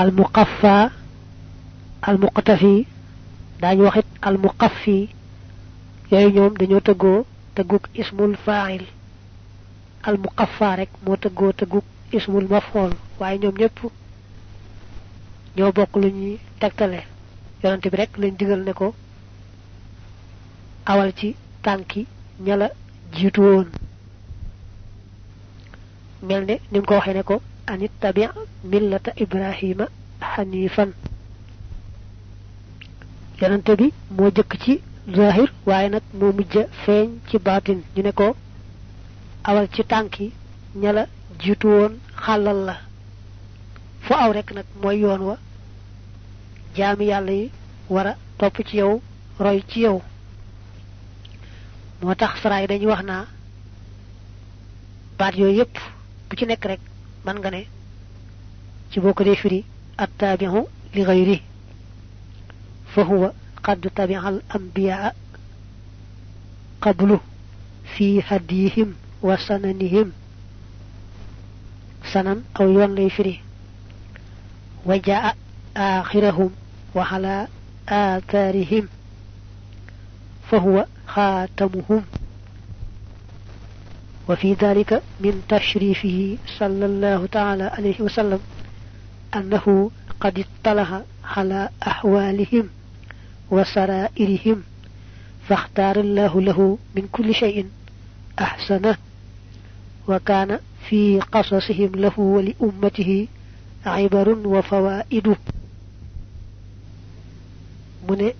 almuqafa almuqtafi daañu waxit almuqafi yooyu ñoom dañoo tëggoo tëgguk ismul fail almuqafa rek moo tëggoo tëgguk ismul mafool waaye ñoom ñëpp ñoo bokk lu ñuy tegtale yonante bi rek lañ digal ne ko awal ci tànki ñala jiitu woon mel ne ni ko waxee ne ko an ittabi millata ibrahima xanifan yonente bi moo jëkk ci zahir waaye nag moo mujj feeñ ci baatin ñu ne ko awal ci tànk yi ñala la jiitu woon xàllal la fu aw rekk nag mooy yoon wa jaami yàlla yi war a topp ci yow roy ci yow moo tax saraay dañuy wax naa baat yooyu yépp bu ci nekk rek man nga ne ci boko de dee firi attabiu li gayri fa huwa qad tabia al anbiya qablu fi hadihim wa sananihim sanan aw yon lay firi wa jaa آخرهم وعلى آثارهم فهو خاتمهم وفي ذلك من تشريفه صلى الله تعالى عليه وسلم أنه قد اطلع على أحوالهم وسرائرهم فاختار الله له من كل شيء أحسنه وكان في قصصهم له ولأمته عبر وفوائد من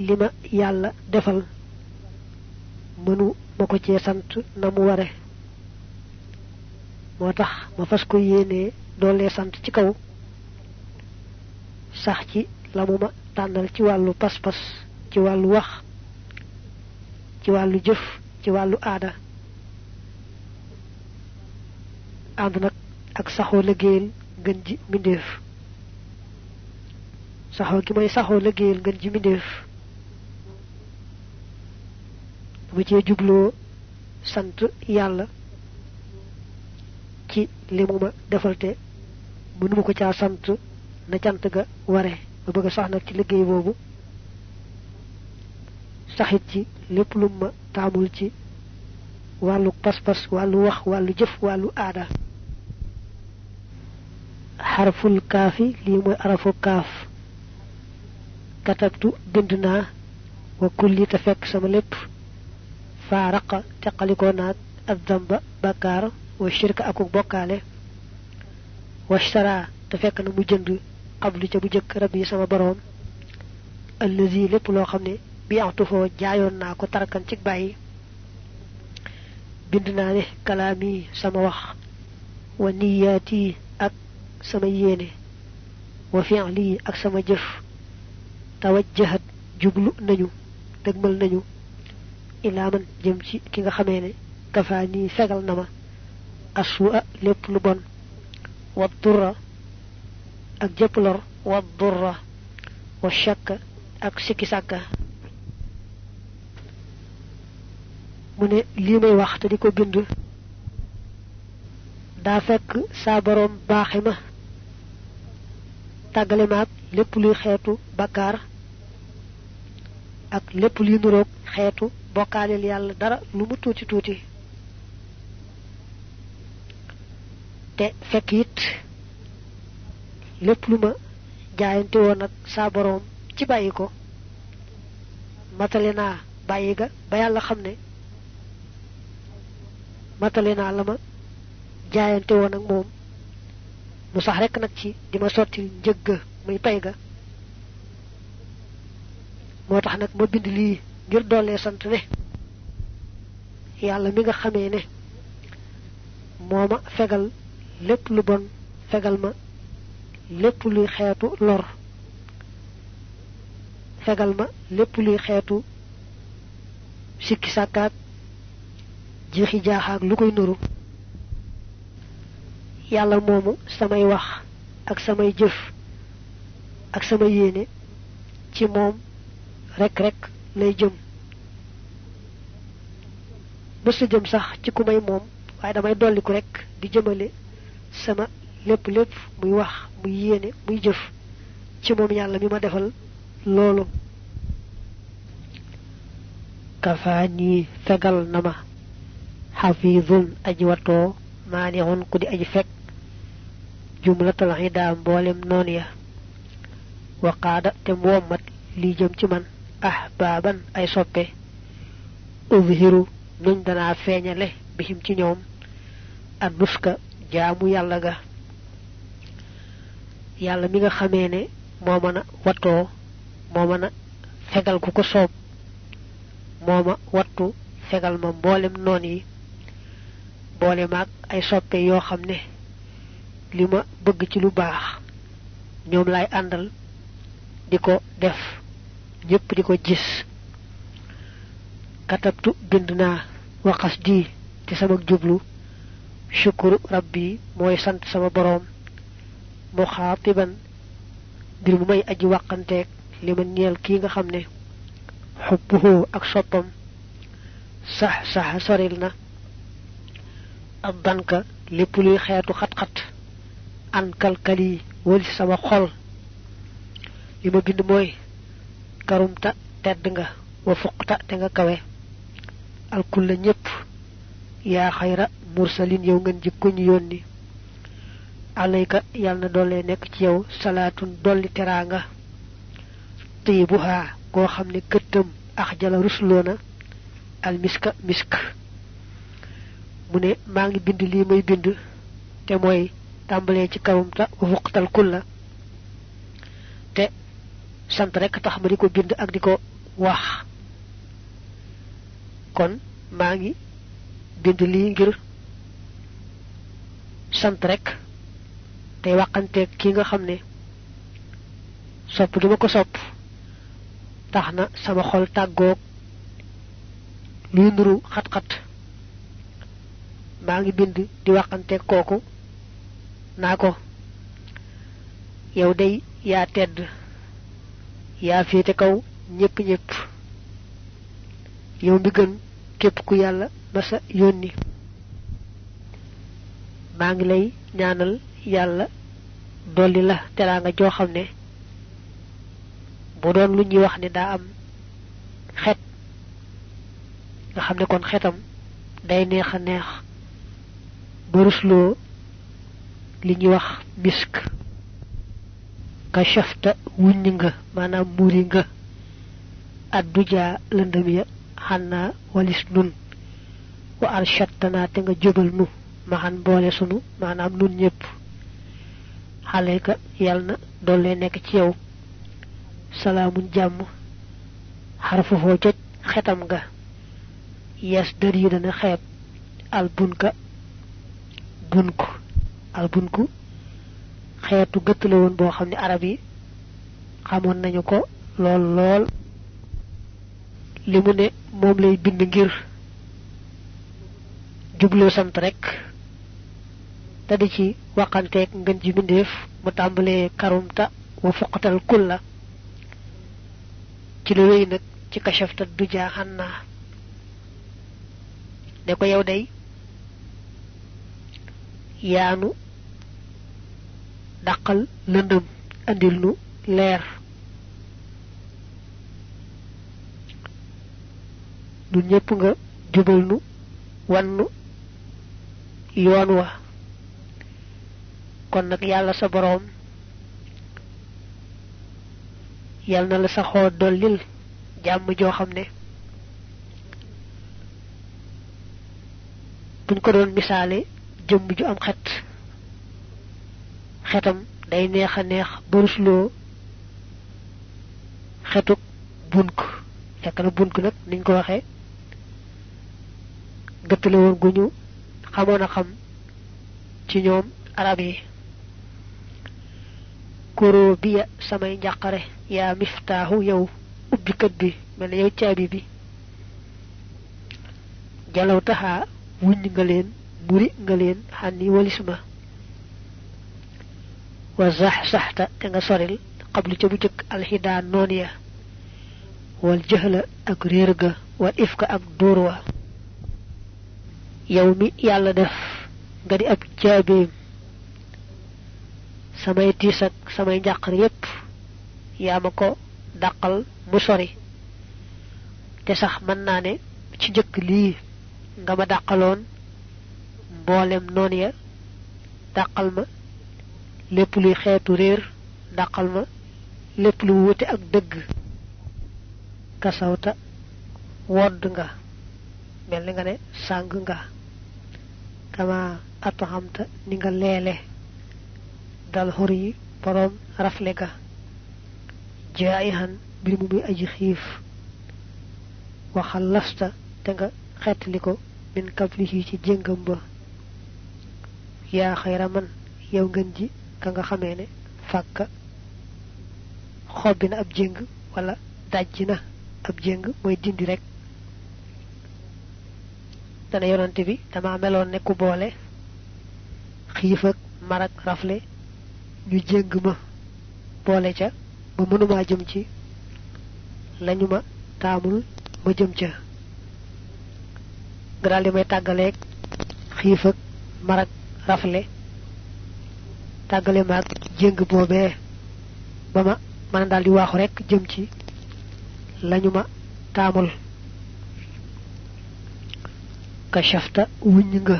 لما يالا دفل منو مكو سنت نمو وره motax ma fas ko yene dolé sant ci kaw sax ci lamuma tanal ci walu pas pas ci walu wax ci walu jëf ci walu ada and nak ak saxo liggéeyal gën ji mindeef saxo ki may saxo liggéeyal gën ji mindeef bu ci jublo sant yalla ci li mu ma defal ko caa sant na cant ga ware ma bëgg sax nag ci liggéey boobu saxit ci lépp lu ma taamul ci wàllu pas-pas wàllu wax wàllu jëf wàllu aada xarful kaafi lii mooy arafu kaaf katabtu bind wa kulli te sama lépp faaraqa teqalikoo naag ak damba bakkaar والشرك أكو بوكالي واشترى تفك نمو جند قبل جبو جك ربي سما بروم الذي لب لو خمني بيعطفه جايون ناكو تركن تك باي بندنا نه كلامي سما وخ ونياتي أك سما ييني وفعلي أك سما جف توجهت جبل نانيو تقبل نانيو إلى من جيمشي كيغا خميني كفاني فغل نما asua lépp lu bon wa durra ak jëpp lor wa durra wa ak sikki sàkka mu ne lii may wax te di ko bind daa fekk saa baaxe ma tàggale ma ak lépp luy xeetu bakkaar ak lépp luy nuroog xeetu bokkaaleel yàlla dara lu mu tuuti tuuti te fekk it lépp lu ma jaayante woon ak sa borom ci bàyyi ko matale naa bàyyi ga ba yàlla xam ne matale naa la ma jaayante woon ak moom mu sax rek nag ci di ma sotti ga muy pay ga moo tax nag bind lii ngir sant ne yàlla mi nga xamee ne moo fegal lépp lu bon fegal ma lépp luy xeetu lor fegal ma lépp luy xeetu sikki sàkkaak jeexi jaaxaak lu koy nuru yàlla moomu samay wax ak samay jëf ak sama yéene ci moom rek rek lay jëm bés jëm sax ci ku may moom waaye damay dolliku rekk di jëmale sama lépp lépp muy wax muy yéene muy jëf ci moom yàlla mi ma defal loolu kafaani fegal na ma xafiidun aji watoo maanixun ku di aji fekk jumlatal xidaa mboolem noon ya waqaada te moomat lii jëm ci man ah baaban ay soppe ubhiru nuñ danaa feeñale bihim ci ñoom anuska jaamu yàlla ga yàlla mi nga xamee ne moo mën a wattoo moo mën a fegal ku ko soob moo ma wattu fegal ma mboolem noon yi boole ak ay soppe yoo xam ne li ma bëgg ci lu baax ñoom laay àndal di def ñépp di ko gis katabtu bind naa waxas di ci sama jublu syukur rabbi mooy sant sama boroom muxaatiban ngir mu may aji wàqanteeg li ma ñeel kii nga xam ne ak sopam sah sah soril na ab banka lépp luy xeetu xat-xat an kalkali wali sama xol li ma karumta tedd nga wa fuqta te nga kawe alkulla ya khayra mursalin yow ngeen ñu yoni alayka yalla na dole nek ci yow salatun doli teranga tibuha ko xamne keutum akhjala rusulona al miska misk mune ma ngi bind li may bind te moy tambale ci kawum ta wuqtal kulla te sant rek tax ma diko bind ak diko wax kon mangi bind li ngir sant rek tey waxanteeg ki nga xamne gi ko sopp sama xol tàggoog li nuru xat-xat maa bind di waxante kooku naa ko yow day ya tedd ya fete kaw ñepp ñepp yow gën ku yàlla ba sa yoni maa lay ñaanal yalla doli la teraanga nga jo xamne bu doon lu ñi wax ni da am xet nga xamne kon xetam day neex neex ba li ñi wax misk ka shafta wuññ nga maanaam nga adduja ya hanna walis nun wa arshattana te nga jubal nu maxan boole sunu maanaam nun ñëpp xaleyka yàlla na doole nekk ci yow salaamun jàmm xarfafoo coj xetam nga yes dër yi dana xeeb albunka bunku albunku xeetu gëtt la woon boo xam ni arab yi xamoon nañu ko lool lool li mu ne moom lay bind ngir jublu sant rek te di ci ak ngeen ji bindeef mu karum karumta wa fuqatal kulla ci lu wéy nag ci kashafta du jaaxan naa ne ko yow day yaanu dàqal lëndëm andil nu leer nu ñépp nga jubal nu wannu yoon wa kon nak yalla sa borom yal na la sa dollil dolil jamm jo xamne buñ ko doon misale jëmm ju am xet xetam day neex neex barusloo bunk fekk bunk nak niñ ko waxe gëttale won guñu xamona xam ci ñoom arab yi koro biya samay njàqare ya miftahu yow ubbikat bi mel yow caabi bi jalaw taxaa wuñ nga leen muri nga leen xànni walis wa sax saxta nga soril qablu ca bu jëkk alxidaa noon ya. wal jëhla ak réer wal ifka ak yow mi yàlla def nga di ak jaabeem samay tiis ak samay njàqar yépp yaa ma ko dàqal mu sori te sax mën naa ne ci njëkk lii nga ma dàqaloon mboolem noon ya dàqal ma lépp luy xeetu réer dàqal ma lépp lu wuute ak dëgg kasawta wodd nga melni nga ne sang nga kama atahamta ni nga lele dal hori borom rafle ga jaihan bi mu bi aji xif wa khallasta te nga xetliko min kaflihi ci jengam ba ya khayra man yow ngeen ji ka nga xamé ne fakka xobina ab jeng wala dajina, ab jeng moy dindi rek dana yonante bi dama meloon ne ku boole xiif ak marak rafle ñu jégg ma boole ca ba mënuma jëm ci lañu ma taamul ma jëm ca nga daal di may tàggaleeg xiif ak marak rafle tàggale maag jéng boobee ba ma mën daal di waaxu rek jëm ci lañu ma taamul kashafta wuññ nga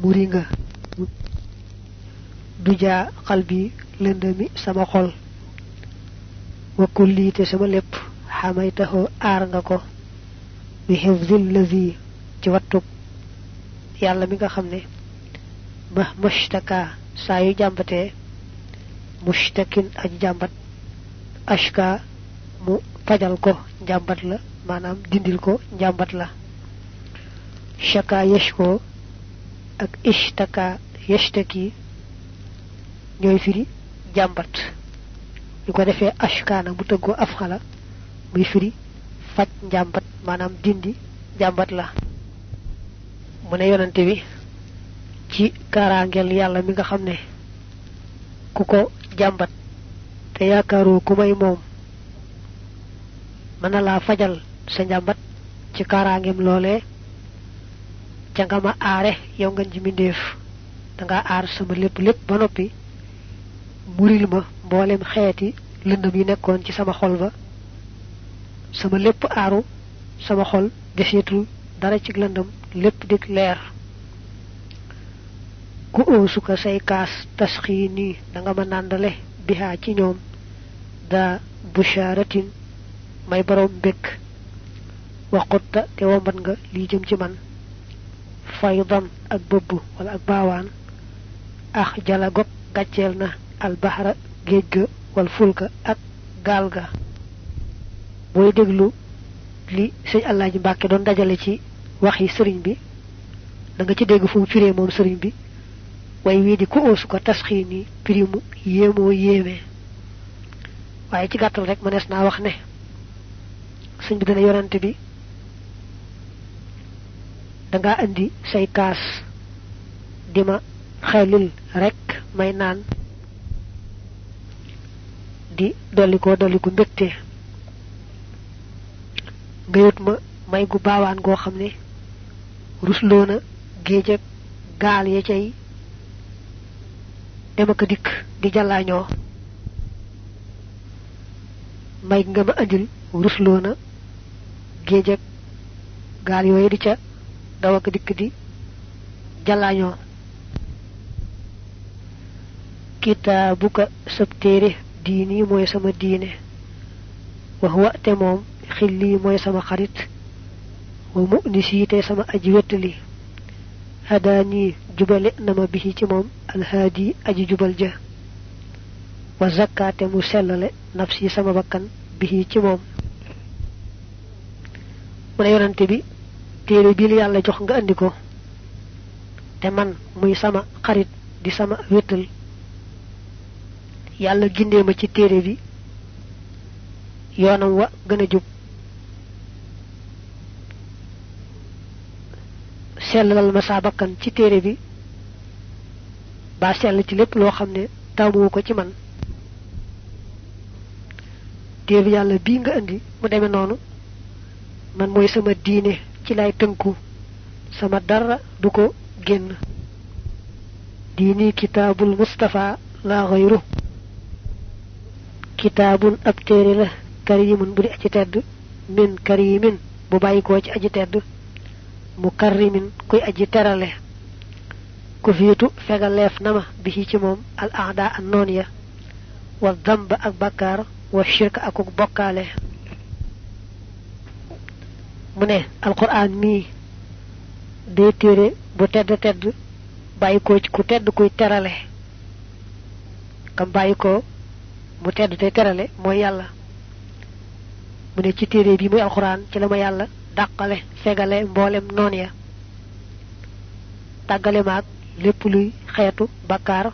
muri nga dujaa xal bi lëndëmi sama xol wa kulliite sama lépp xamaytaxoo aar nga ko bi xifzil lazi ci wattug yàlla mi nga xam ne ma mashtaka saa yu jàmbatee mushtakin ak jàmbat ashka mu fajal ko njàmbat la maanaam dindil ko njàmbat la shaka yashko ak ishtaka yashtaki ñoy firi jambat ñu ko defé ashkana bu teggo afxala muy firi faj jambat manam dindi jambat la mu ne yonante bi ci karangel yalla mi nga xamne kuko jambat te yaakaaru ku mom manala la fajal sa jambat ci karangem lolé ca nga ma aare yow nga ji mindeef da nga aar sama lépp lépp ba noppi muril ma mboolem xeeti lëndëm yi nekkoon ci sama xol ba sama lépp aaru sama xol deseetul dara ci lëndëm lépp dik leer ku oosu ka say kaas tasxii nii da nga ma nàndale bihaa ci ñoom da busharatin may borom mbékk waxutta te wombat nga lii jëm ci man faydan ak bëbb wala ak baawaan ax jala gog gàcceel na al bahra géej ga wal fulka ak gaal ga booy déglu li sëñ allah ji mbàkke doon dajale ci wax yi sëriñ bi da nga ci dégg fu mu firee moom bi way wii di ku oosu ko tasxii ni pirimu yéemoo yéemee waaye ci gàttal rek mënees naa wax ne sëñ bi dana yonante bi danga indi say kaas di ma xelil rekk may naan di dolli ko dolli gu mbégte nga ma may gu baawaan goo xam ne rusloona géej ak gaal ya cay dem ak dikk di jàllaañoo may nga ma andil rusloona géej ak gaal yooyu di ca dawa kedi kedi di kita buka sab dini diini mooy sama diine khili wa te moom xilli moy sama xarit wa mu'nisi te sama aji wetali hadani jubale nama bihi ci al hadi aji jubal ja wa zakkaate mu nafsi sama bakkan bihi ci mom wala yonante bi téré bi li yàlla jox nga andi ko te man muy sama xarit di sama wétal yàlla gindee ma ci téere bi yoonam wa gën a jub sellalal ma saa bakkan ci téere bi ba sell ci lépp loo xam ne ko ci man téere yàlla bii nga andi mu demee noonu man mooy sama diine ci lay tënku sama dara du ko génn diini kitaabul mustafa laa xayru kitaabun ab téere la karimun bu di aji tedd min karimin bu bàyyi koo ci aji tedd mu karrimin kuy aji terale ku fiitu fegaleef na ma bi ci moom al aada an ya wa damba ak bakkaar wa shirka akuk bokkaale mu ne alquran mii day téere bu tedd tedd bàyyi ko ci ku tedd kuy terale kam bàyyi mu tedd te terale mooy yàlla mu ne ci téere bi muy alxuraan ci la ma yàlla dàqale fegale mboolem noon ya tàggale maag lépp luy xeetu bakkaar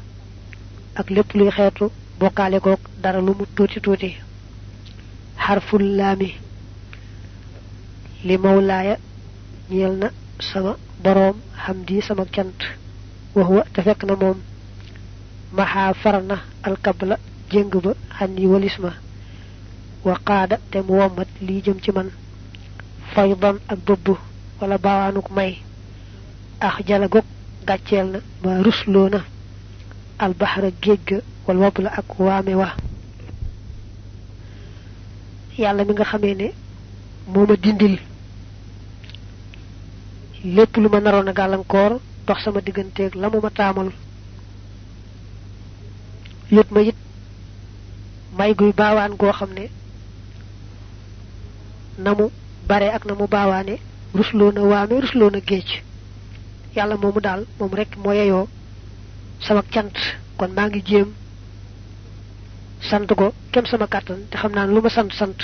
ak lépp luy xeetu bokkaale kook dara lu mu tuuti tuuti xarful laami li mawlaya ñeel na sama borom hamdi sama kent wa huwa te fekk na moom maxa far na alkabla ba xanni walis ma wa qada te mu wommat lii jëm ci man faydan ak bubu wala bawanuk may ax gok gàcceel na ba ruslona al bahra géej wal wabla ak wame wa yalla mi nga xamene moma dindil lépp lu ma naroon a gàllankoor dox sama digganteeg la mu ma taamal yët ma it may guy baawaan goo xam ne na mu bare ak na mu baawaane rusloo na waame rusloo na géej yàlla moomu daal moom rek moo yeyoo sama cant kon maa ngi jéem sant ko kem sama kàttan te xam naa ne lu ma sant sant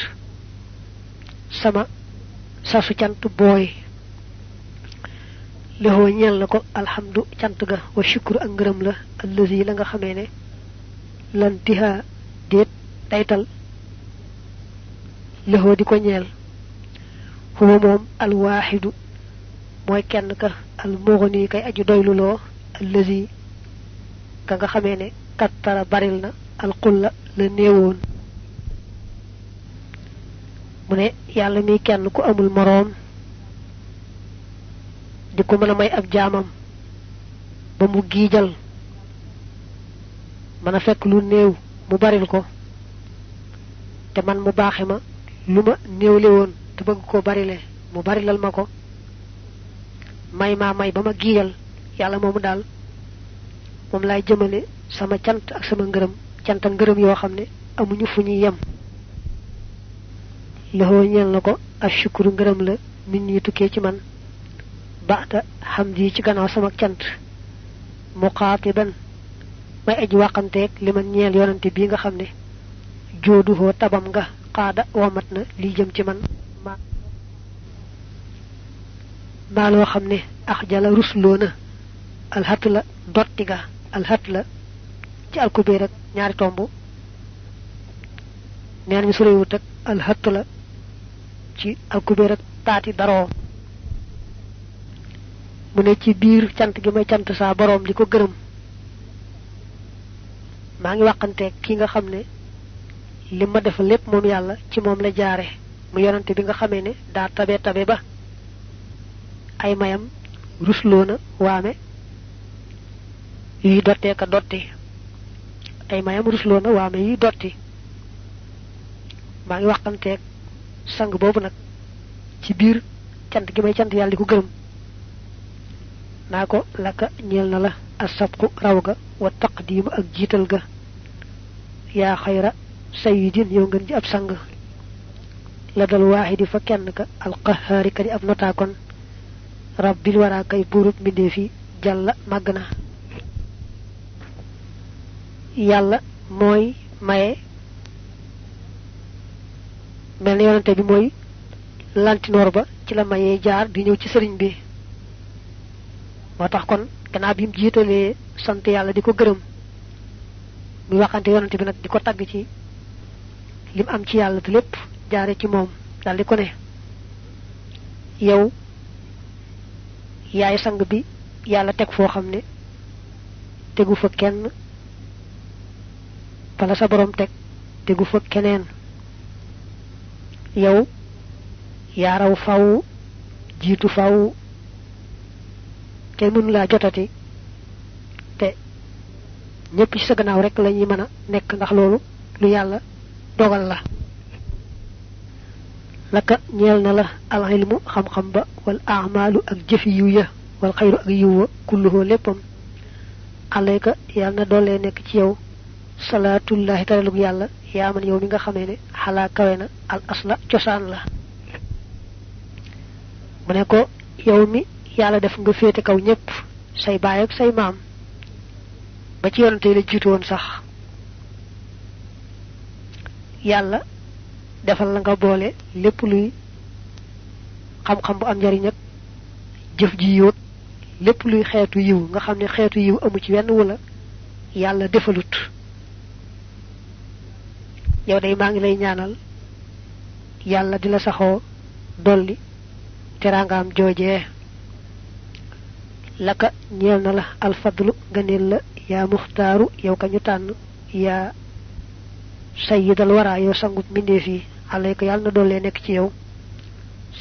sama sasu cant booy lëxoo ñeel na ko alhamdu cant ga wa shukru ak ngërëm la allazi la nga xamee ne lantiha déet daytal lëxoo di ko ñeel huwa moom alwaaxidu mooy kenn ka almughni kay aju doylu loo ka nga xamee ne kattara baril na alqulla la néewoon mu ne yàlla mi kenn ku amul moroom di mën a may ab jaamam ba mu giijal mën a fekk lu néew mu baril ko te man mu baaxe ma lu ma néewle te bëgg koo barile mu barilal ma ko may maa may ba ma giijal yàlla moomu daal moom laay jëmale sama cant ak sama ngërëm cant ak ngërëm yoo xam ne amuñu fu ñuy yem loxoo ñeel na ko ak shukuru ngërëm la nit ñi tukkee ci man baxta xamdi ci gannaaw sama cant muqaatiban may aji wàqanteeg li man ñeel yonante bii nga xam ne jooduhoo tabam nga xaada womat na lii jëm ci man ma maa loo xam ne ax jala rusloona alxat la dotti ga alxat la ci alkubeer ak ñaari tomb neen mi su réewut ak alxat ci alkubeer ak taati daroo mu ne ci biir cant gi may cant saa boroom di ko gërëm maa ngi waxante ki nga xam ne li ma def lépp moom yàlla ci moom la jaare mu yonante bi nga xamee ne daa tabe tabe ba ay mayam rusloona waame yuy dottee ka dotti ay mayam rusloona waame yuy dotti maa ngi waxanteeg sang boobu nag ci biir cant gi may cant yàlla di ko gërëm Nako laka ñel na la asabqu raw ga wa taqdim ak jital ga ya khayra sayyidin yow ngeen ji ab sang la dal waaxidi fa kenn ka qahhar ka di ab kon rabbil wara kay buurub mbindee fi jalla magna yalla moy maye melni yonante bi moy lantinor ba ci la maye jaar di ñew ci serigne bi motax kon kena bim jitalé sant yalla di ko gërëm waxanté waxante bi nak di ko tagg ci lim am ci yalla te lepp jaaré ci mom dal diko ko ne yow yaay sang bi yalla tek fo xamné ne tegu fa kenn fala sa borom tek tegu fa keneen yow yaaraw faw jitu faw kenn mënu laa jotati te ñépp ci sa gannaaw rek lañuy ñuy mën a nekk ndax loolu lu yàlla dogal la laka ñeel na la al ilmu xam-xam ba wal amaalu ak jëfi yiw ya wal xayru ak yiw wa kulluhoo léppam alayka yàlla na doole nekk ci yow salaatullahi taralug yàlla yaa man yow mi nga xamee ne xalaa kawe na al asla cosaan la mu ne ko yow mi yàlla def nga féete kaw ñëpp say baay ak say maam ba ci yonante yi la jiitu woon sax yàlla defal la nga boole lépp luy xam-xam bu am njariñ ak jëf ji yóot lépp luy xeetu yiw nga xam ni xeetu yiw amul ci wenn wala yàlla defalut yow day maa ngi lay ñaanal yàlla di la saxoo dolli teraangaam jooje laka ñeel na la fadlu ganeel la ya muxtaaru yow ka ñu tànn yaa sayyidal wara yow sangub minde fi alayka yàlla na doole nekk ci yow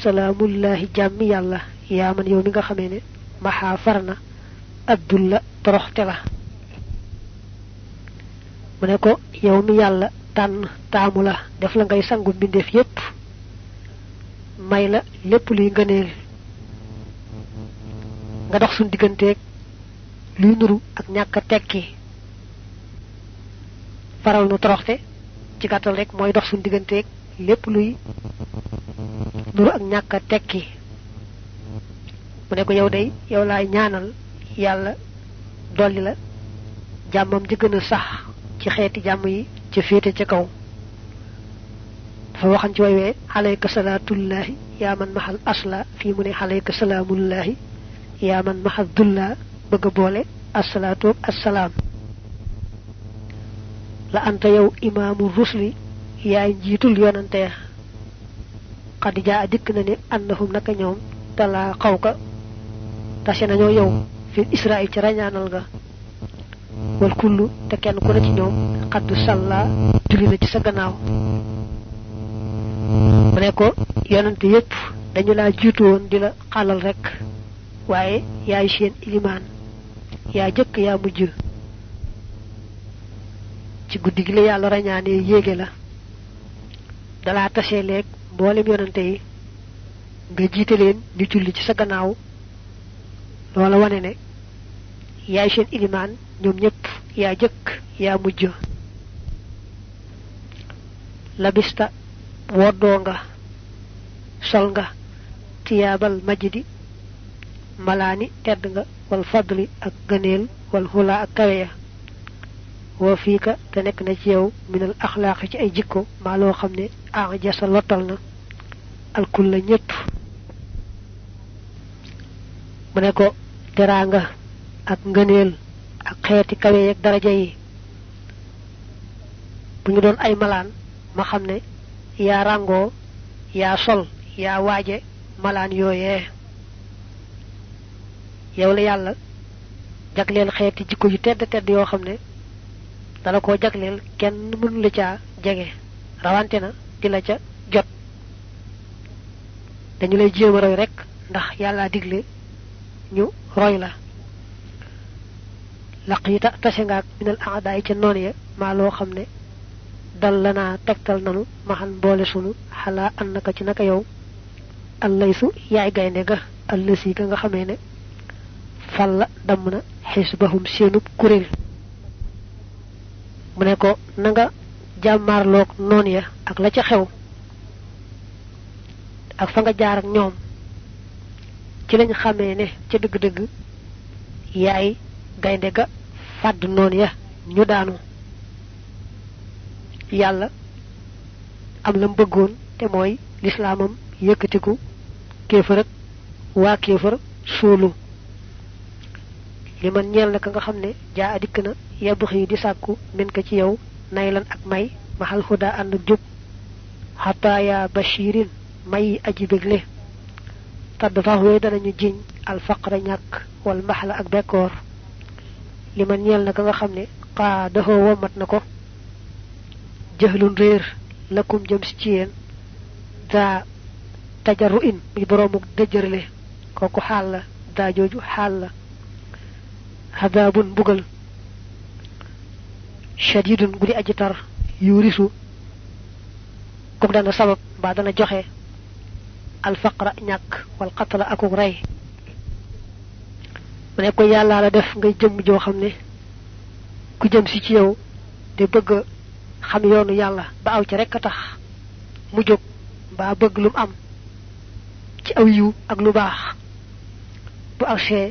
salaamullahi jàmmi yàlla ya man yow mi nga xamee ne maxaa far abdulla toroxte la mu ne ko yow mi yàlla tànn taamu la def la ngay sangu mbindeef yépp may la luy ngëneel nga dox sun digënté luy nuru ak ñaka tekki faraw nu toroxte ci gàttal rek mooy dox sun digënté lépp luy nuru ak ñaka tekki mu ne ko yow day yow laay ñaanal yàlla dolli la jàmmam ji gën a sax ci xeeti jàmm yi ci féete ci kaw dafa waxan ci alayka salaatullahi yaa man mahal asla fii mu ne alayka salaamullahi Ya man Mahadullah, bëgg boole assalaatu assalaam la anta yow imaamu rusli yaay njiitul yonante xad jaa dikk na ne annahum naka ñoom talaa xaw ka tase nañoo yow fi israil ci rañaanal nga wal kullu te kenn ku ne ci ñoom xaddu sàlla julli na ci sa gannaaw mu ne ko yonante yépp dañu laa jiitu woon di xalal rek waaye yaay seen iliman yaa jëkk yaa mujj ci guddi ya gi la yàlla rañaane yéege la dalaa tasee leeg mboolem yonante yi nga jiite leen ñu julli ci sa gannaaw loola wane ne yaay seen iliman ñoom ñépp yaa jëkk yaa mujj labista woddoo nga sol nga malani tedd nga wal fadli ak gëneel wal hula ak kawe ya wa fiika te nekk na ci yow al akhlaq ci ay jikko maa loo xam ne ajasa lottal na al la ñëpp mu ko teranga ak ngëneel ak xeeti kawé ak daraja yi bu ñu doon ay malaan ma xam ne yaa sol yaa waaje malaan yooyee yow la yàlla jagleel xeeti jikko yu tedd tedd yoo xam ne dala koo jagleel kenn mënu la caa jege rawante na di la ca jot dañu lay jéem roy rek ndax yàlla digle ñu roy la laq yi ta tase ngaak minal aada ca noon ya maa loo xam ne dal la naa tegtal nanu maxan boole sunu xalaa an naka ci naka yow allay su yaay gaynde ga allasi ga nga xame ne la damm na xisbahum seenub kuréel mu ne ko na nga jàmmaarloog noon ya ak la ca xew ak fa nga jaar ak ñoom ci lañ xamee ne ca dëgg-dëgg yaay gaynde ga fàdd noon ya ñu daanu yàlla am la mbëggoon te mooy lislaamam yëkkatiku kéefar ak waa kéefar suulu Liman man ñeel na nga xamne ne jaa dikk na bu xii di sakku min ka ci yow naylan ak may huda ànd jup hatta ya bashirin may aji bégle tadd faxwe danañu jiñ faqra ñak wal mahla ak bekor liman man ñeel ka nga xamne qa xaa daxoo womat nako ko jëhlun lakum jëm ci yeen da tajarruin in boromuk koku da joju xadaabun mbugal shadidun gu di aji tar yu risu comme dana sabab mbaa dana joxe alfaqra ñàkk wal qatla akuk rey mu ne ko yàllaa la def ngay jëm joo xam ne ku jëm si ci yow te bëgg xam yoonu yàlla ba aw ci rekk a tax mu jóg mbaa bëgg lu am ci aw yiw ak lu baax bu agsee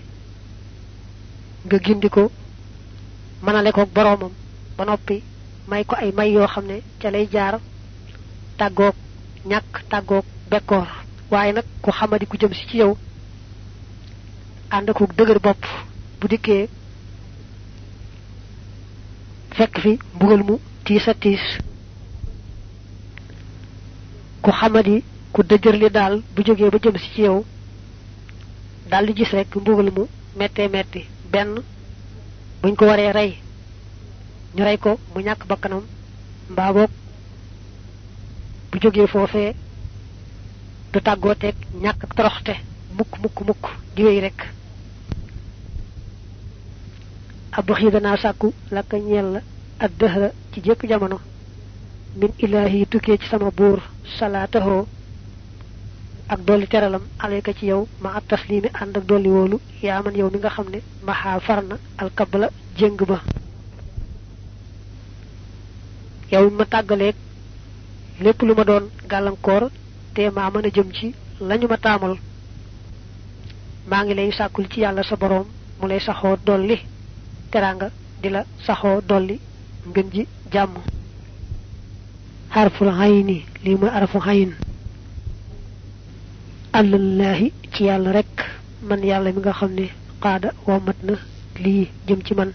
nga gindiko manale ko boromam ba noppi may ko ay may yo xamne ca lay jaar tagok ñak tagok bekor waye nak ku xamadi ku jëm ci ci yow and ko dëgër bop bu dikke fekk fi mbugal mu tiis ku xamadi ku li dal bu joge ba jëm ci ci yow dal di gis rek mbugal mu metti metti benn buñ ko waree rey ñu rey ko mu ñàkk bakkanam mbaa boog bu jógee foofee du tàggooteeg ñàkk ak toroxte mukk mukk mukk di wéy rek ab xii danaa sàkku lakka ñeel la ak dëxra ci jékk jamono min ilaahi tukkee ci sama buur salaatahoo ak doli teralam alayka ci yow ma at taslimi and ak doli wolu ya man yow mi nga xamne ha farna al kabla jeng ba yow ma tagale lepp luma galan kor te ma mana jëm ci lañu ma tamal ma ngi lay sakul ci yalla sa borom mu lay saxo doli teranga dila saxo doli ngeen ji jamm harful haini lima arfu hayni àllallaahi ci yàlla rekk man yàlla mi nga xam ne xaada womat na lii jëm ci man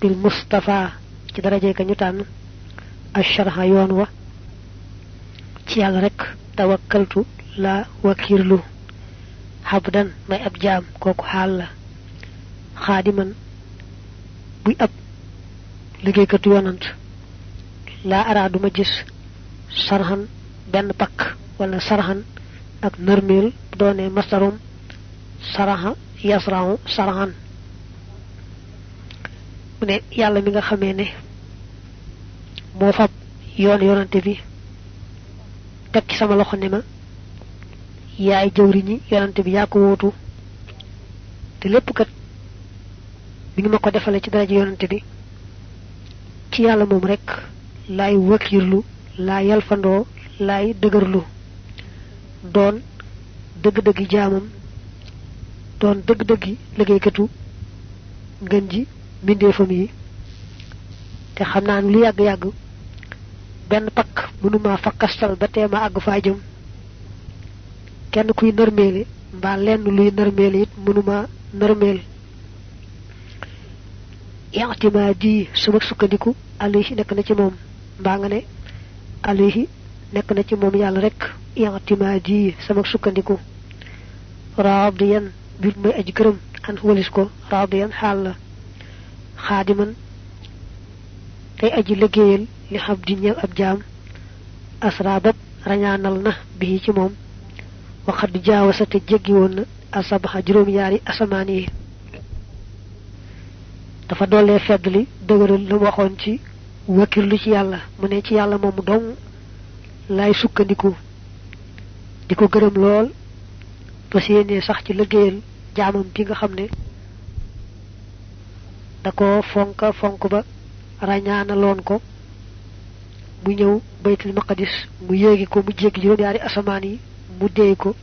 bil Mustafa ci daraje ka ñu tànn asharha yoon wa ci yàlla rekk tawakkaltu laa wakiirlu xabdan may ab jaam kooku xaal la xaadiman buy ab liggéeykatu yonant laa araaduma gis sarxan benn pakk wala sarxan ak nermel doone masarum saraha yasrahu sarahan mune yalla mi nga xamé né mo fab yoon yonante bi tek sama loxo ne ma yaay ñi yonante bi ya ko wotu te lepp kat bi ngi mako ko defale ci daraaje yonante bi ci yalla mom rek lay wakirlu lay yalfando lay doon dëgg-dëggi jaamam doon dëgg-dëggi liggéeykatu ngën ji mbindeefam yi te xam naa lu yàgg-yàgg benn pakk mënuma fakkastal ba teema àgg faa jëm kenn kuy nërmeele mbaa lenn luy nërmeele it mënuma nërmeel i'tima ji suma sukkandiku alayhi nekk na ci moom mbaa nga ne alayhi nekk na ci moom yàlla rek iqtimadi sama sukkandiku radiyan bir may aji an walis ko raadiyan xaal la aji li xab di ñeel ab jaam asra bab na bii ci mom wa jaawasa te jéggi won na asabaxa juróom yaari asamaan dafa doole fedd degeural lu waxon ci wakirlu ci yalla mu ne ci yalla mom dong lay sukkandiku di ko gërëm lool fas yéenee sax ci liggéeyal jaamam bi nga xam ne da ko fonka fonk ba ràññaanaloon ko mu ñëw baytul maqadis mu yéegi ko mu jéggi juróom yaari asamaan yi mu déey ko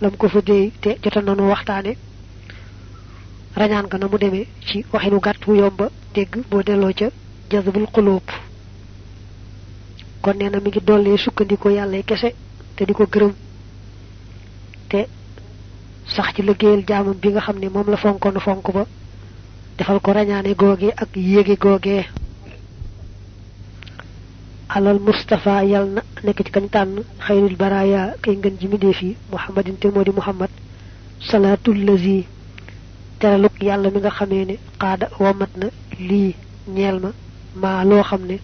lam ko fa déey te jota nanu waxtaane rañaan nga na mu demee ci waxinu gàtt wu yomba dégg boo delloo ca jazbul xulóob kon nee na mi ngi dollee sukkandiku yàlla kese te di ko gërëm te sax ci liggéeyal jaamam bi nga xam ne moom la fonkoon fonk ba defal ko rañaane googe ak yéege googe alal Moustapha yal na nekk ci kañ tànn xayril baraaya kay ngën ji midee fii muhammadin te moo di muhammad salaatul lazi teraluk yàlla mi nga xamee ne xaada womat na lii ñeel ma maa loo xam ne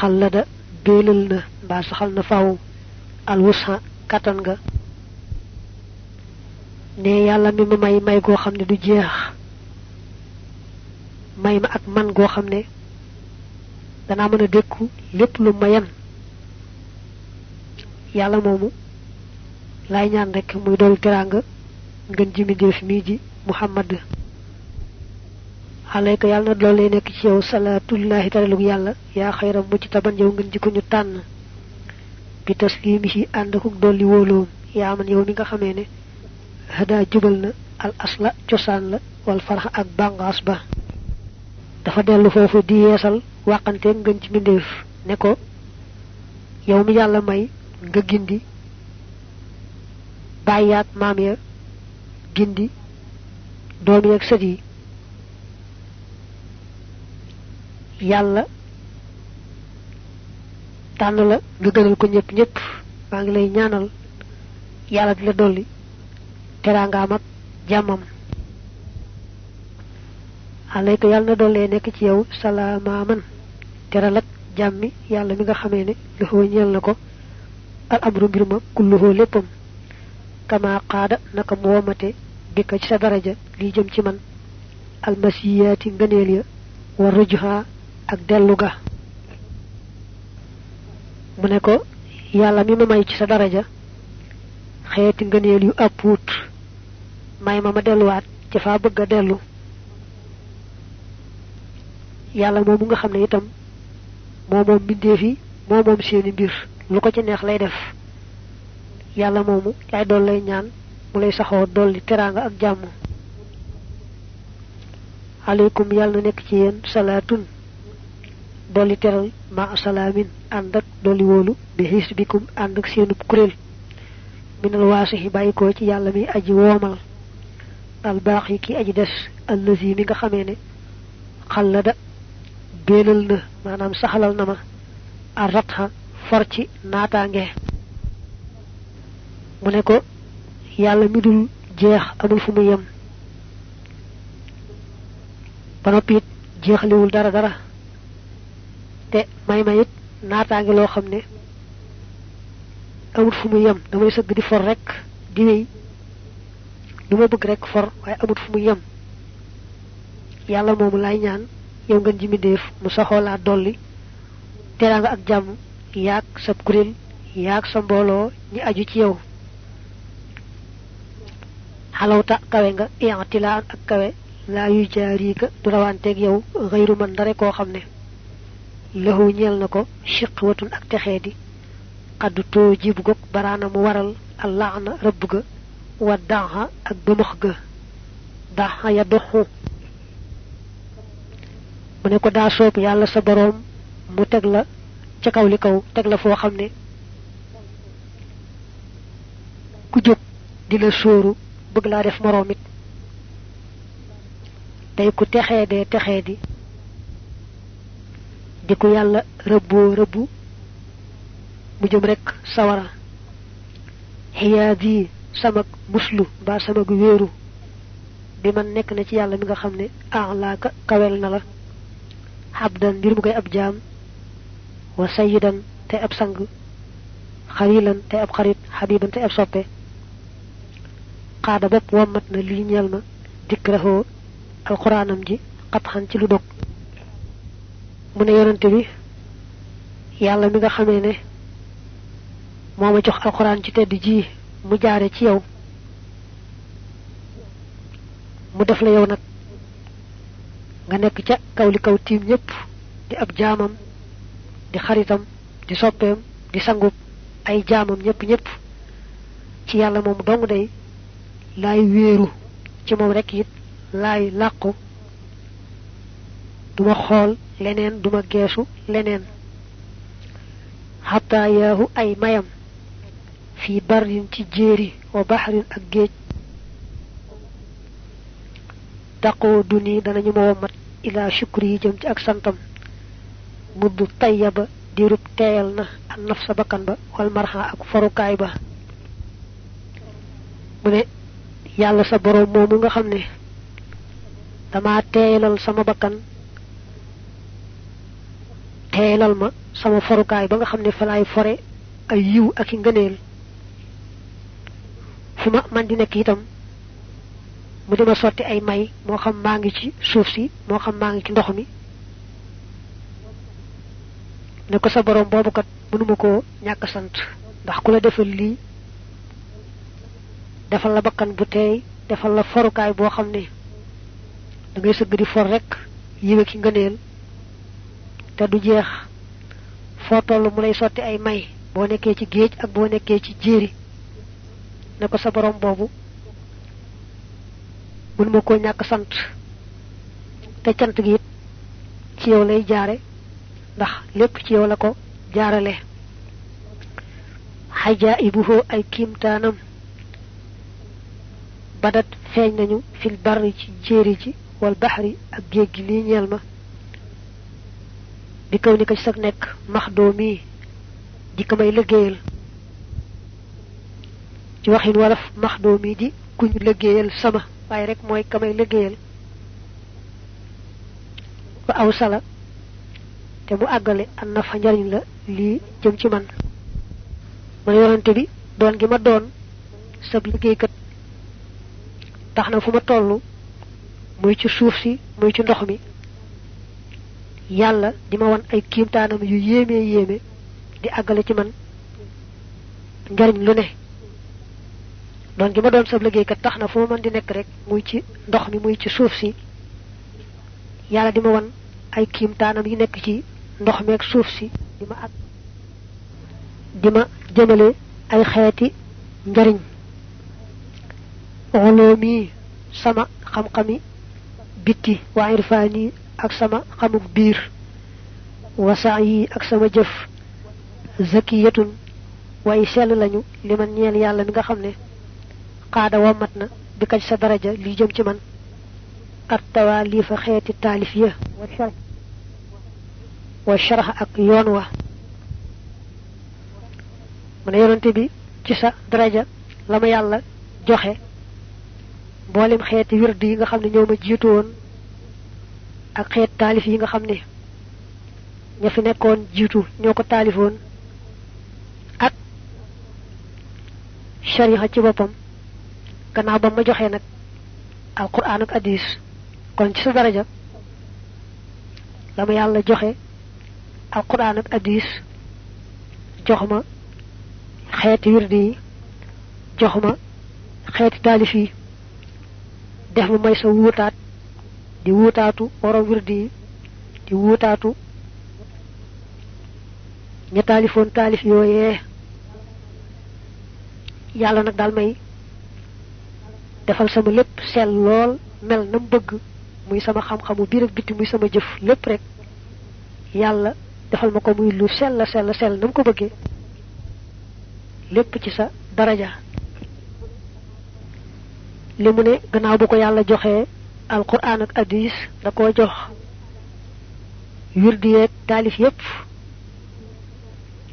xallada béelal na mbaa saxal na faaw al wusa katan nga ne yalla mi may may go xamne ne du jeex may ma ak man go xamne ne mëna dekkou lepp lu mayam yalla momu lay ñaan rek muy dool teranga ngeen jimi def mi ji muhammad alayka yalla na loolee nek ci yow salatu taralug yàlla ya khayra mu ci taban yow ngeen ñu tan bi taslimi si ànd akuk dolli wóoloom yaa man yow mi nga xamee ne hada jubal na al asla cosaan la wal farax ak bàngaas ba dafa dellu foofu di yeesal wàqanteeg ngën ci mbindéef ne ko yow mi yàlla may nga gindi bàyyaat maam ya gindi doom yeeg sët yi yàlla tànn la nga gënal ko ñëpp ñëpp maa ngi lay ñaanal yàlla di la dolli teraangaam ak jàmmam ko yàlla na dollee nekk ci yow salaamaaman teral ak jàmmi yàlla mi nga xamee ne lu xoo ñeel na al amru mbir ma kulluhoo léppam kama qaada naka mu womate bi ka ci sa daraja li jëm ci man masiyati ngëneel ya war rujuha ak dellu mu ne ko yàlla mi ma may ci sa daraja xeeti ngëneel yu ab may ma ma delluwaat ca faa bëgg a dellu yàlla moomu nga xam ne itam moo moom mbindeef fi moo moom seeni mbir lu ko ci neex lay def yàlla moomu yaay dool lay ñaan mu lay saxoo dolli teranga ak jàmm aleykum yàlla ci yéen salaatun doli teral ma salamin andak doli wolu bi hisbikum andak seenu kurel min al waasixi bayiko ci yalla mi aji womal al baqi ki aji dess allazi mi nga xamene khallada na manam saxalal na ma arratha for ci naataange mune ko yalla mi dul jeex amul fu mu yem dara dara te may mayit naataange loo xam ne amul fu muy yem damay sëgg di for rek di wéy lu ma bëgg rek for waaye amul fu muy yem yàlla moomu lay ñaan yow ngeen ji mbindeef mu saxoo laa dolli teraanga ak jàmm yaag sa kuréel yaag sa mbooloo ñi aju ci yow xalawta kawe nga iatilaan ak kawe laa yu ka du rawanteeg yow xëyru man dare koo xam lëxu ñeel na ko shiqwatun ak texee di xaddu too jib gog baraana mu waral allaana rëbb ga wa daxa ak bëmëx ga daxa ya doxu mu ne ko daa yàlla sa boroom mu teg la ca kaw li kaw teg la foo xam ne ku jóg di la sóoru bëgg laa def moroom it tey ku texee dee texee di di yàlla rëbboo rëbbu mu jëm rek sawara xiyaad samag muslu mbaa samag wéeru bi man nekk na ci yàlla mi nga xam ne alaaka kawel na la xabdan mbir mu koy ab jaam wa sayidan te ab sang xarilan te ab xarit xabiban te ab soppe xaada bopp wommat na lii ñeel ma dikk raxoo alxuraanam ji xat ci lu dog mu ne yonante bi yàlla mi nga xamee ne moo ma jox alxuraan ci tedd ji mu jaare ci yow mu def la yow nag nga nekk ca kaw li kaw tiim ñëpp di ab jaamam di xaritam di soppeem di sangub ay jaamam ñëpp ñëpp ci yàlla moom dong day laay wéeru ci moom rekk it laay làqu duma xol leneen duma geesu leneen hatta yahu ay mayam fi barin ci jéeri wa bahrin ak géej daqoo duni danañu ma womat ila shukri jëm ci ak santam mudd tayyaba rub teyal na an nafsa bakkan ba wal marha ak farukaay ba mu ne yàlla sa borom moomu nga xam ne dama teeyalal sama bakkan teelal ma sama forukaay ba nga xam ne fa laay fore ay yiw ak i ngëneel fu ma man di nekk itam mu dima sotti ay may moo xam maa ngi ci suuf si moo xam maa ngi ci ndox mi ne ko sa borom boobu kat mënuma koo ñàkk sant ndax ku defal lii defal la bakkan bu teey defal la forukaay boo xam ne da ngay sëgg di for rek yiwe ki ngëneel te du jeex fo toll mu lay sotti ay may bo nekké ci geej ak bo nekké ci jéeri nako sa borom bobu bu ma ko ñak sant te cant gi ci yow lay jaare ndax lepp ci yow la ko jaarale ay kimtanam badat feñ nañu fil barri ci jéeri ci wal bahri ak geeg li ma di kaw ni ko ci sag di ko may liggéeyal ci waxin walaf di kuñ liggéeyal sama waaye rek moy ka may liggéeyal ba aw sala te bu agale an na fa njariñ la li jëm ci man man yoonte bi doon gi ma doon sab kat taxna fu ma tollu muy ci suuf si muy ci ndox mi yàlla di ma wan ay kiimtaanam yu yéeme yéeme di àggale ci man njariñ lu ne doon gi ma doon sab liggéeykat tax na foo ma di nekk rek muy ci ndox mi muy ci suuf si yàlla di ma wan ay kiimtaanam yi nekk ci ndox meeg suuf si di ma ak di ma jëmale ay xeeti njariñ uloomi sama xam-xami bitti waa irfaani ak sama xamuk biir wa sa'yi ak sama jëf zakiyatun way sell lañu li man ñeel yàlla mi nga xam ne xaada womat na bi kaj sa daraja li jëm ci man ak tawalifa xeeti taalif ya wa sharax ak yoon wa mu ne yonante bi ci sa daraja la ma yàlla joxe mboolem xeeti wirdi yi nga xam ne ñoo ma jiitu woon ak xeet taalif yi nga xam ne ña fi nekkoon jiitu ñoo ko taalifoon ak shariha ci boppam gannaaw ba ma joxee nag alquran ak hadis kon ci sa daraja dama yàlla joxe alquran ak hadis jox ma xeeti wirdi yi jox ma xeeti taalif yi def ma may sa wuutaat di wutatu borom wirdi di wutatu ña talifon talif yoyé yalla nak dal may defal sama lepp sel lol mel nam bëgg muy sama xam-xamu biir ak biti muy sama jëf lepp rek yalla defal mako muy lu sel sell sel nam ko bëgge lepp ci sa daraja limu ne gannaaw bu ko yalla joxé alquran ak hadith da ko jox wirdi yeek talif yépp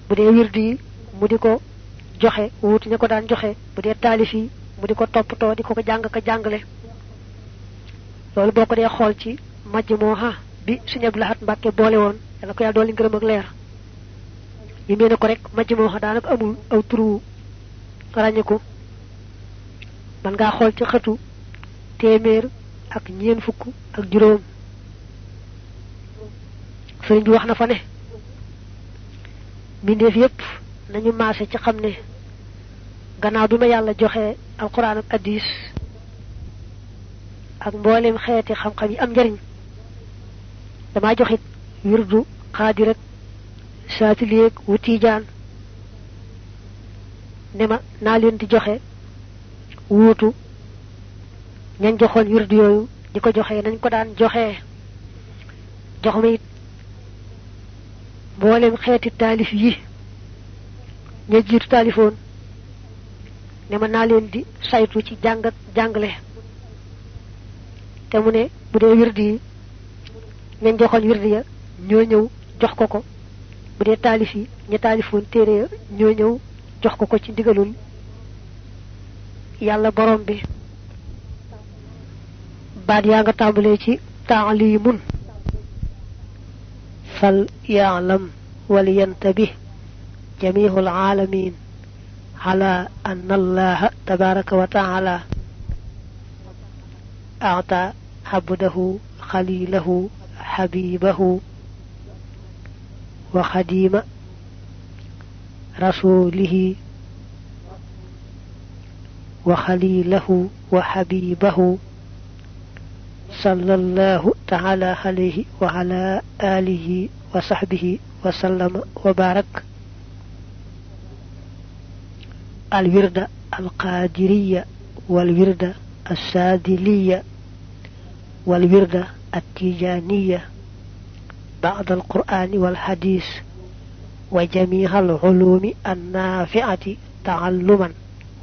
bu dee wirdi yi mu di ko joxe wut ko daan joxe bu dee yi mu di ko to di ko jang ka jangale lolou boko ko xol ci majj ha bi suñu abdulahat mbàkke bolé won da ko yàlla dool ngeureum ak leer yi meena ko rek majj moo ha ak amul aw turu man nga xol ci xatu ak ñeen fukk ak juróom sëriñ bi wax na fa ne mbindeef yépp nañu maase ci xam ne gannaaw bi ma yàlla joxe alquran ak addis ak mboolem xeeti xam-xam yi am njariñ damaa joxit wirdu xaadir ak saatiliyeeg wu ne ma naa leen di joxe wuutu ñañ joxoon wird yooyu ñu ko joxee nañ ko daan joxe jox ma it mboolem xeeti taalif yi ña jiitu taalifoon ne mën naa leen di saytu ci jàng ak jàngale te mu ne bu dee wird yi ñañ joxoon wird ya ñoo ñëw jox ko ko bu dee taalif yi ña taalifoon téere ya ñoo ñëw jox ko ko ci ndigalul yàlla borom bi بعد يا nga tàmbalee تعليم فليعلم ولينتبه جميع العالمين على أن الله تبارك وتعالى أعطى عبده خليله حبيبه وخديم رسوله وخليله وحبيبه صلى الله تعالى عليه وعلى آله وصحبه وسلم وبارك الوردة القادرية والوردة السادلية والوردة التيجانية بعد القرآن والحديث وجميع العلوم النافعة تعلما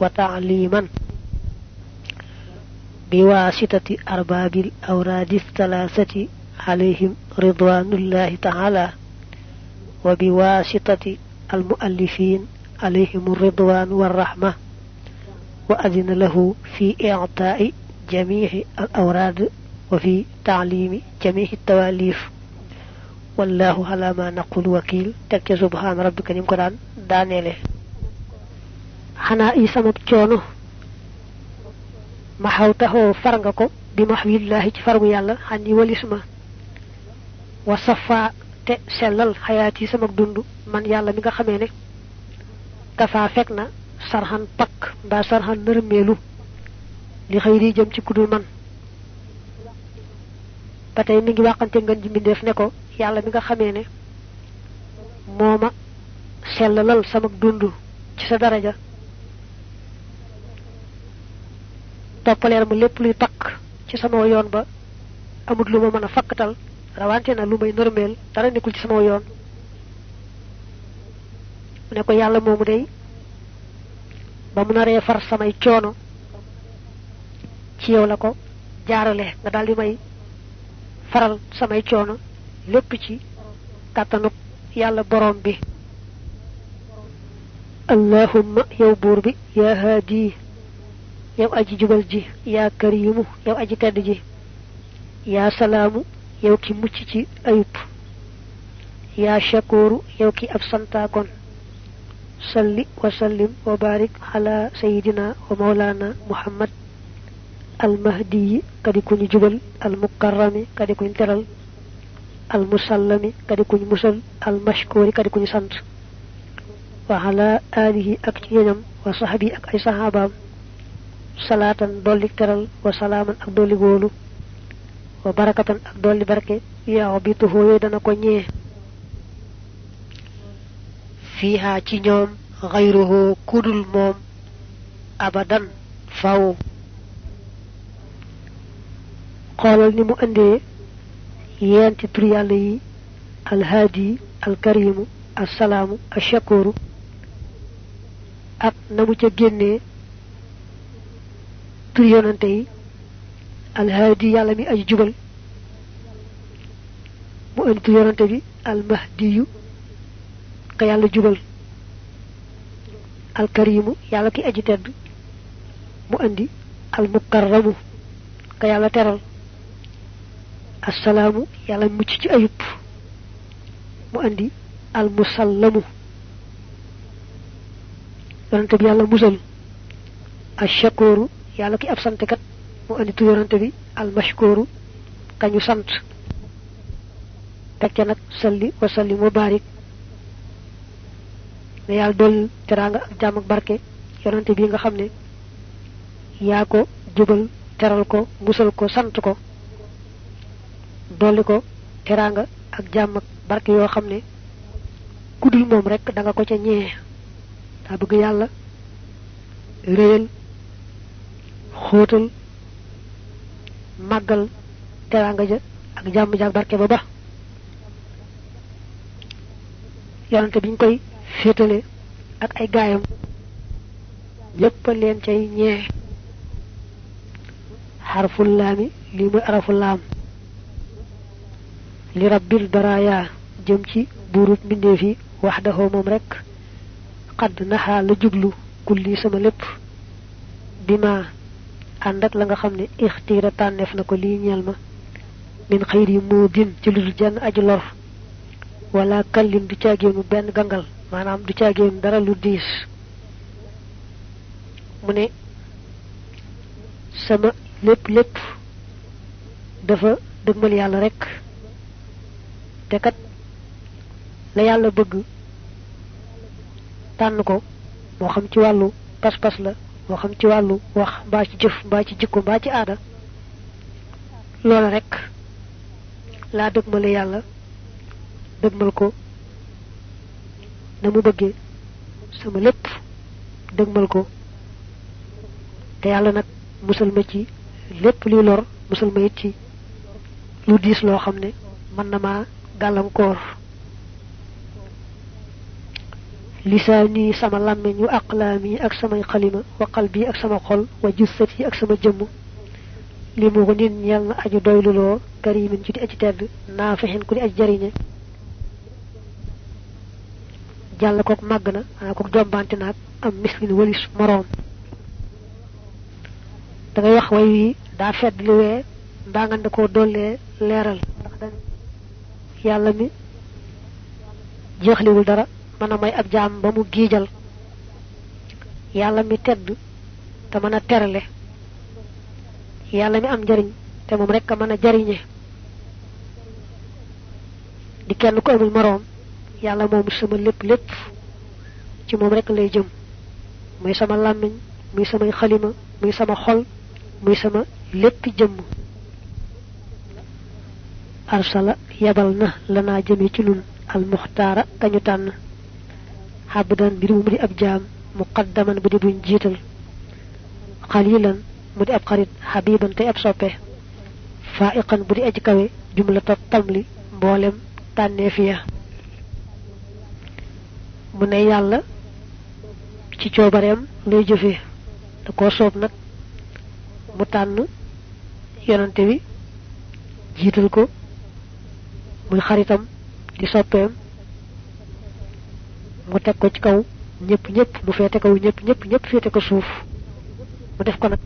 وتعليما بواسطة أرباب الأوراد الثلاثة عليهم رضوان الله تعالى وبواسطة المؤلفين عليهم الرضوان والرحمة وأذن له في إعطاء جميع الأوراد وفي تعليم جميع التواليف والله على ما نقول وكيل تك سبحان ربك نمكران دانيله حنا إيسا samab ma farangako far nga ko bi maxwillahi ci fargu yàlla xan walisma wa safa te sellal xayaati sama dund man yàlla mi nga xamee ne kafa fekk na sarxan pakk mbaa sarxan nërmeelu li di jëm ci kudul man ba tey mi ngi waxante ngeen ji mbindeef ne ko yàlla mi nga xamee ne mooma sellalal sama dund ci sa daraja toppaleel ma lépp luy pakk ci sama yoon ba amut lu ma mën a fakkatal rawante na lu may normeel dara nekkul ci sama yoon mu ne ko yàlla moomu day ba mu naree far samay coono ci yow la ko jaarale nga daal di may faral samay coono lépp ci kàttanuk yàlla boroom bi allahumma yow buur bi yaa haadi yow aji jubal ji yaa kariimu yow aji tedd ji yaa salaamu yow ki mucc ci ayub yaa shakooru yow ki ab santaakon salli wa sallim wa barik ala sayidina wa mawlana muhammad almahdiyi kadi kuñ jubal almukarrami kadi kuñ teral almusallami kadi kuñ musal almashkoori kadi kuñ sant wa alihi ak ci ñoñam wa saxabi ak ay saxaabaam salatan doli teral wa salaman ak doli wolu wa barakatan ak doli barke ya obitu hoye dana ko ñe fiha ci ñoom ghayruhu kudul mom abadan faw xolal ni mu ande yent tur yalla yi al hadi al karim as salam ak namu ca tur yonante yi alhaadi yàlla mi aji jubal mu indi tur yonante bi almahdiyu ka yàlla jubal alkarimu yàlla ki aji tedd mu indi almukarramu ka yàlla teral assalaamu yàlla mucc ci ayub mu andi almusallamu yonante bi yàlla musal ashakuru yalla ki ab sante kat mu andi tu bi al mashkuru kañu sant tek nak salli wa salli mubarak ne yalla dol teranga ak jam ak barke yonante bi nga xamne ya ko jubal teral ko musal ko sant ko doliko teranga ak jam ak barke yo xamne kudul mom rek da nga ko ca ñe ta bëgg yalla reeyal xóotal màggal teraanga ja ak jàmm ja barke ba ba yonante bi ñu koy féetale ak ay gaayam lépp leen cay ñee xarful laami lii mooy arafu laam li rabbil baraaya jëm ci buurub mbindeef yi waxdaxoo moom rek naxaa la jublu kulli sama lépp bi Andat la nga xamne kolinya tanef nako li ñal ma min xayr yi moo ci lu jenn aji lor wala kallin du ciageenu ben gangal manam du dara lu dis mune sama lepp lepp dafa deggal yalla rek te kat la yalla bëgg tan ko xam ci walu pas-pas la moo ci wàllu wax mbaa ci jëf mbaa ci jikko mbaa ci aada loola rek laa dëgmale yàlla dëgmal ko na mu bëggee sama lépp dëgmal ko te yàlla nag musal ci lépp luy lor musal ma ci lu diis loo xam ne mën na ma gàllankoor Lisani sama lamenu wa ak sama xalima wa qalbi ak sama xol wa jussati ak sama jëm li mu ko nit ñel na aju doyluloo karimin ci di aji tedd naa fexen ku di aji jariñe jall ko magna na ana kook am miskin walis morom da ngay wax way da fedd li wé da nga ndako dolé léral ndax dan yàlla mi jeexliwul dara mana may ab jam ba mu gijal yalla mi tedd te mana terale yalla mi am jariñ te mom rek mana jariñe di kenn ko amul marom, yalla mom sama lepp lepp ci mom rek lay jëm muy sama lamiñ muy sama khalima muy sama xol muy sama lepp jëm arsala yabalna lana ci al muhtara kañu tan abdan mbir mu di ab jam muqaddaman bu di buñ jiital xalilan mu di ab kharit habiban tay ab soppe fa'iqan bu di aji kawe jumla ta tamli mboolem tanefiya ya mu ne yàlla ci coobareem lay jëfee da ko soob nak mu tan yonante wi jital ko muy xaritam di soppeem mu teg ko ci kaw ñëpp ñëpp mu feete kaw ñëpp ñëpp ñëpp féete ko suuf mu def ko nag